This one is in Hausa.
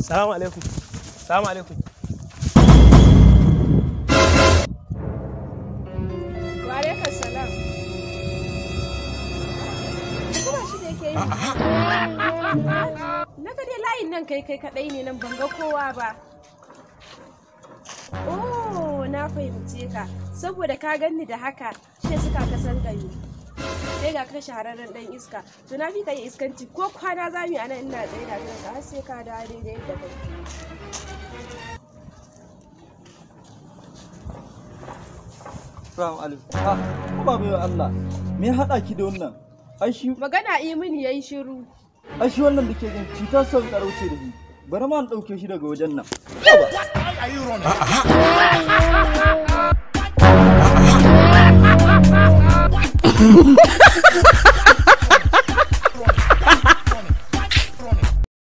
Salamu alaikum. Salamu alaikum. Wa alaikum Kuma shi da yake yi. Na ga dai layin nan kai kai kaɗai ne nan ban ga kowa ba. Oh, na fahimce ka. Saboda ka ganni da haka, shi suka kasan gani. tsaye da kan shahararren dan iska to na fi ka yi iskanci ko kwana za mu yi anan ina tsaye da kan har sai ka da daidai da kai Salamu alaikum. Ah, ha, kuma Allah. Me ya haɗa ki da wannan? Ai Magana yi mini yi shiru. Ai shi wannan da ke gan cutar son karauce da shi. Bari ma ɗauke shi daga wajen nan. Yawa!